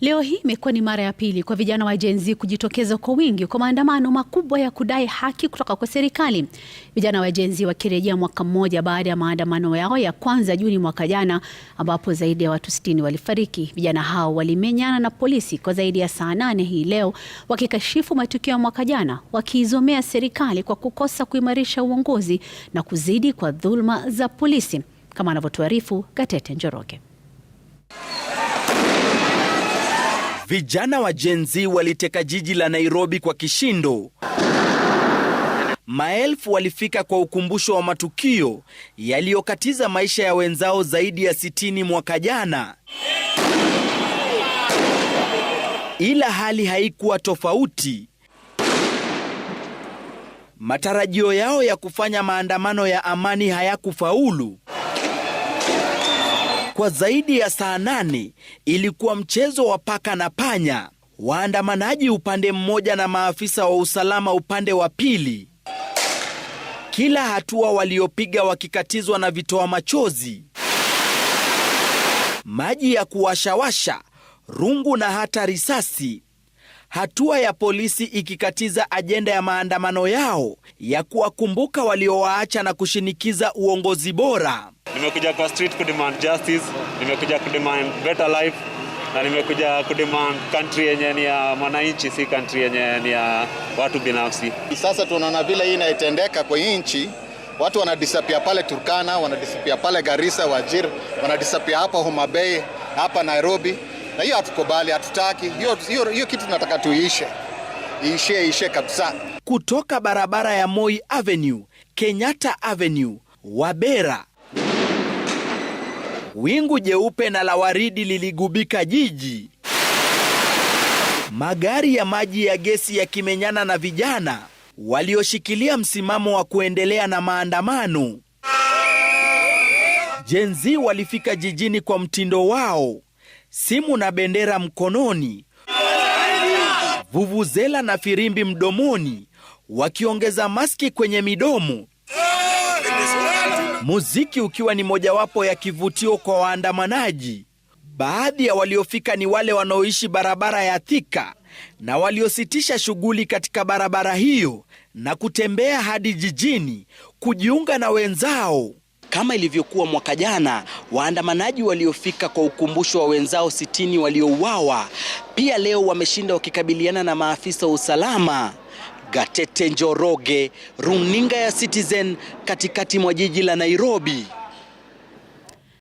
Leo hii imekuwa ni mara ya pili kwa vijana wa Gen Z kujitokeza kwa wingi kwa maandamano makubwa ya kudai haki kutoka kwa serikali. Vijana wa Gen Z wakirejea mwaka mmoja baada ya maandamano yao ya kwanza Juni mwaka jana, ambapo zaidi ya watu sitini walifariki. Vijana hao walimenyana na polisi kwa zaidi ya saa nane hii leo, wakikashifu matukio ya mwaka jana, wakiizomea serikali kwa kukosa kuimarisha uongozi na kuzidi kwa dhuluma za polisi, kama anavyotuarifu Gatete Njoroge. Vijana wa Gen Z waliteka jiji la Nairobi kwa kishindo. Maelfu walifika kwa ukumbusho wa matukio yaliyokatiza maisha ya wenzao zaidi ya 60 mwaka jana. Ila hali haikuwa tofauti. Matarajio yao ya kufanya maandamano ya amani hayakufaulu kwa zaidi ya saa nane ilikuwa mchezo wa paka na panya, waandamanaji upande mmoja na maafisa wa usalama upande wa pili, kila hatua waliopiga wakikatizwa na vitoa machozi, maji ya kuwashawasha, rungu na hata risasi, hatua ya polisi ikikatiza ajenda ya maandamano yao ya kuwakumbuka waliowaacha na kushinikiza uongozi bora. Nimekuja kwa street demand justice, nimekuja demand better life na nimekuja demand country yenye ni ya mwananchi, si country yenye ni ya watu binafsi. Sasa tunaona vile hii inaitendeka kwa nchi, watu wanadisapia pale Turkana, wanadisapia pale Garissa, Wajir, wanadisapia hapa Homa Bay, hapa Nairobi, na hiyo hatukubali, hatutaki hiyo kitu, tunataka tuishe, ishe ishe kabisa. Kutoka barabara ya Moi Avenue, Kenyatta Avenue, Wabera Wingu jeupe na la waridi liligubika jiji. Magari ya maji ya gesi yakimenyana na vijana walioshikilia msimamo wa kuendelea na maandamano. Gen Z walifika jijini kwa mtindo wao, simu na bendera mkononi, vuvuzela na firimbi mdomoni, wakiongeza maski kwenye midomo muziki ukiwa ni mojawapo ya kivutio kwa waandamanaji. Baadhi ya waliofika ni wale wanaoishi barabara ya Thika na waliositisha shughuli katika barabara hiyo na kutembea hadi jijini kujiunga na wenzao. Kama ilivyokuwa mwaka jana, waandamanaji waliofika kwa ukumbusho wa wenzao sitini waliouawa pia leo wameshinda wakikabiliana na maafisa wa usalama Gatete Njoroge, runinga ya Citizen katikati mwa jiji la Nairobi.